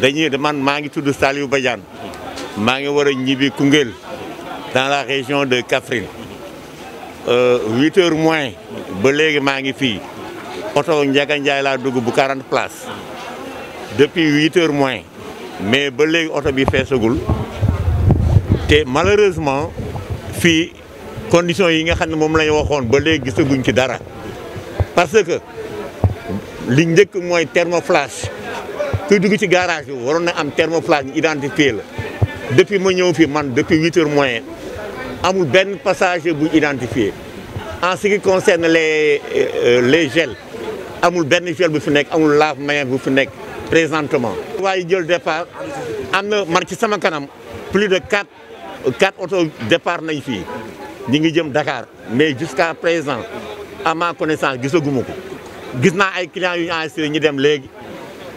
dañuy man maa ngi tudd Saliou Badiane maa ngi war a ñibbi Koungheul dans la région de Kaffrine euh, huit heures moins ba léegi maa ngi fii oto Ndiaga Ndiaye laa dugg bu 40 places depuis huit heures moins mais ba léegi oto bi feesagul te maleureusement fii condition yi nga xam ne moom la waxoon ba léegi gisaguñ ci dara parce que li njëkk mooy thermoflash kuy dugg ci garage bi waroon na am thermoplage ñu identifié la depuis ma ñëw fi man depuis huit heures moyen amul benn passager bu identifié en ce qui concerne les euh, les amul benn gel bu fi nekk amul lave-mains bu fi nekk présentement. waaye jël départ am na man ci sama kanam plus de quatre quatre auto départ nañ fi ñu ngi jëm Dakar mais jusqu'à présent à ma connaissance gisaguma ko gis naa ay clients yu ñu enregistré ñu dem léegi.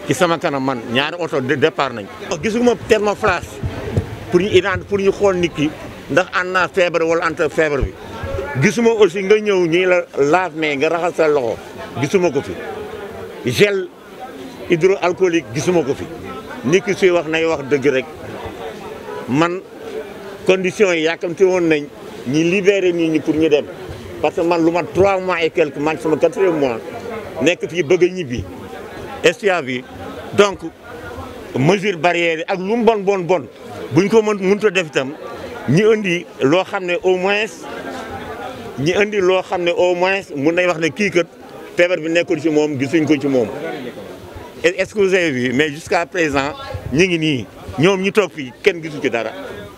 ci sama kanam man ñaari oto de départ nañ. Oh, gisuma thermoflash pour ñu identifier pour ñu xool nit ki ndax ànd naa feebar wala anta feebar bi gisuma aussi nga ñëw ñi la lave mais nga raxas sa loxo gisuma ko fi gel hydroalcoolique gisuma ko fi nit ki suy wax nay wax dëgg rek man conditions yi yàkkamti woon nañ ñi libéré nit ñi pour ñu dem parce que man lu ma trois mois et quelques man sama quatrième mois nekk fii bëgg a ñibbi. esclave yi donc mesure barrière yi ak lu bon bon bon buñ ko mën mënut a def itam ñu indi loo xam ne au moins ñu indi loo xam ne au moins mun nañ wax ne kii kat feebar bi nekkul ci moom gisuñ ko ci moom. est-ce que vous avez vu mais jusqu'à présent ñu ngi nii ñoom ñu toog fii kenn gisu ci dara.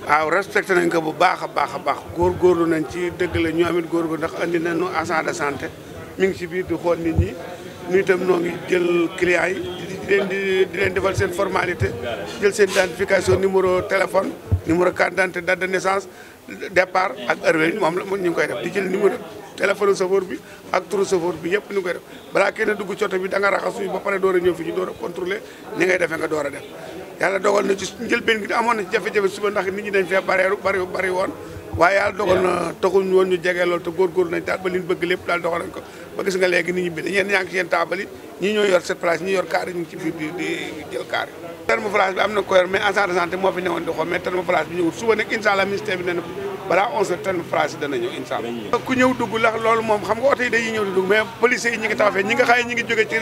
waaw respecté nañ ko bu baax a baax a baax góorgóorlu nañ ci dëgg la ñu amit góorgóorlu ndax andi nañu agent de santé mi ngi ci biir di xool nit ñi. ñu itam noo ngi jël client yi di leen di di leen defal seen formalité jël seen identification numéro téléphone numéro carte d'identité date de naissance départ ak heure moom la ñu ngi koy def di jël numéro téléphone chauffeur bi ak turu chauffeur bi yëpp ñu ngi koy def balaa kenn dugg coto bi da nga raxas suy ba pare door a ñëw fi ñu door a contrôler ni ngay defee nga door a def yàlla dogal na jël njëlbeen gi amoon na ci jafe-jafe suba ndax nit ñi dañ fee bareeru bari bari woon waaye yàlla dogal na taxuñ woon ñu jege lool te góorgóorlu nañ daal ba liñ bëgg lépp daal dogal nañ ko ba gis nga léegi nit ñi bi dañ ñeen ñaa ngi seen taabal yi ñii ñoo yor cette place ñi yor kaar yi ñu ngi ci dugg lax loolu moom xam nga oto yi dañuy ñëw di dugg mais policiers yi ñi ngi taxaw fee ñi nga xaye ñi ngi jóge ci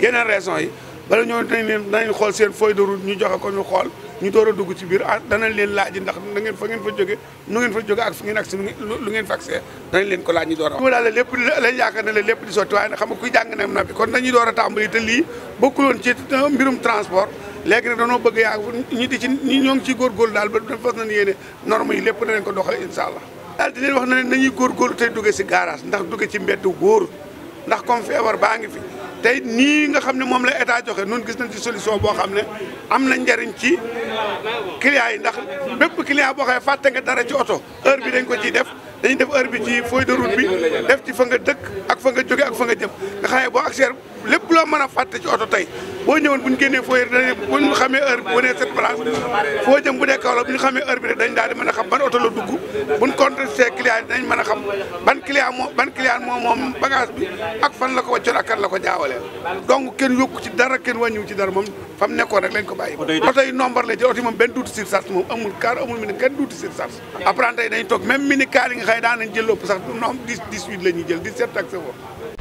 yeneen raison yi bala ñoo dañ leen xool seen feuille de route ñu joxe ko ñu xool ñu door a dugg ci biir ah danañ leen laaj ndax na ngeen fa ngeen fa jóge nu ngeen fa jóge ak fu ngeen ak si lu ngeen faxe danañ leen ko laaj ñu door a daal la lépp lañ yaakaar ne la lépp di sotti waaye na xam nga kuy jàng na na bi kon dañuy door a tàmbali te lii bokkuloon ci ah, ci ñoo ngi ciy góorgóorlu daal ba fas nañ yéene norme yi lépp danañ ko doxale incha allah daal di leen wax na ne nañuy góorgóorlu tey duggee si garage ndax duggee ci mbedd wóoru ndax comme feebar baa ngi fi tey nii nga xam ne moom la état joxe nun gis nañ ci solution boo xam ne am na njariñ ci client yi ndax bépp client boo xee fàtte nga dara ci oto heure bi dañ ko ciy def dañuy def heure bi ci feuille de route bi def ci fa nga dëkk ak fa nga jóge ak fa nga jëm nga xam ne boo accès lépp loo mën a fàtte ci oto tey boo ñëwoon bu ñu génnee e yër dañ bu ñu xamee heure bi daal di mën a xam ban oto la dugg bu ñu a xam ban client moo ban moo moom bagage ko wàccoon ak kan la ko jaawalee donc kenn yokku ci dara kenn wàññiwu ci dara moom fa mu nekkoon rek lañ ko bàyyi jël oto yi moom benn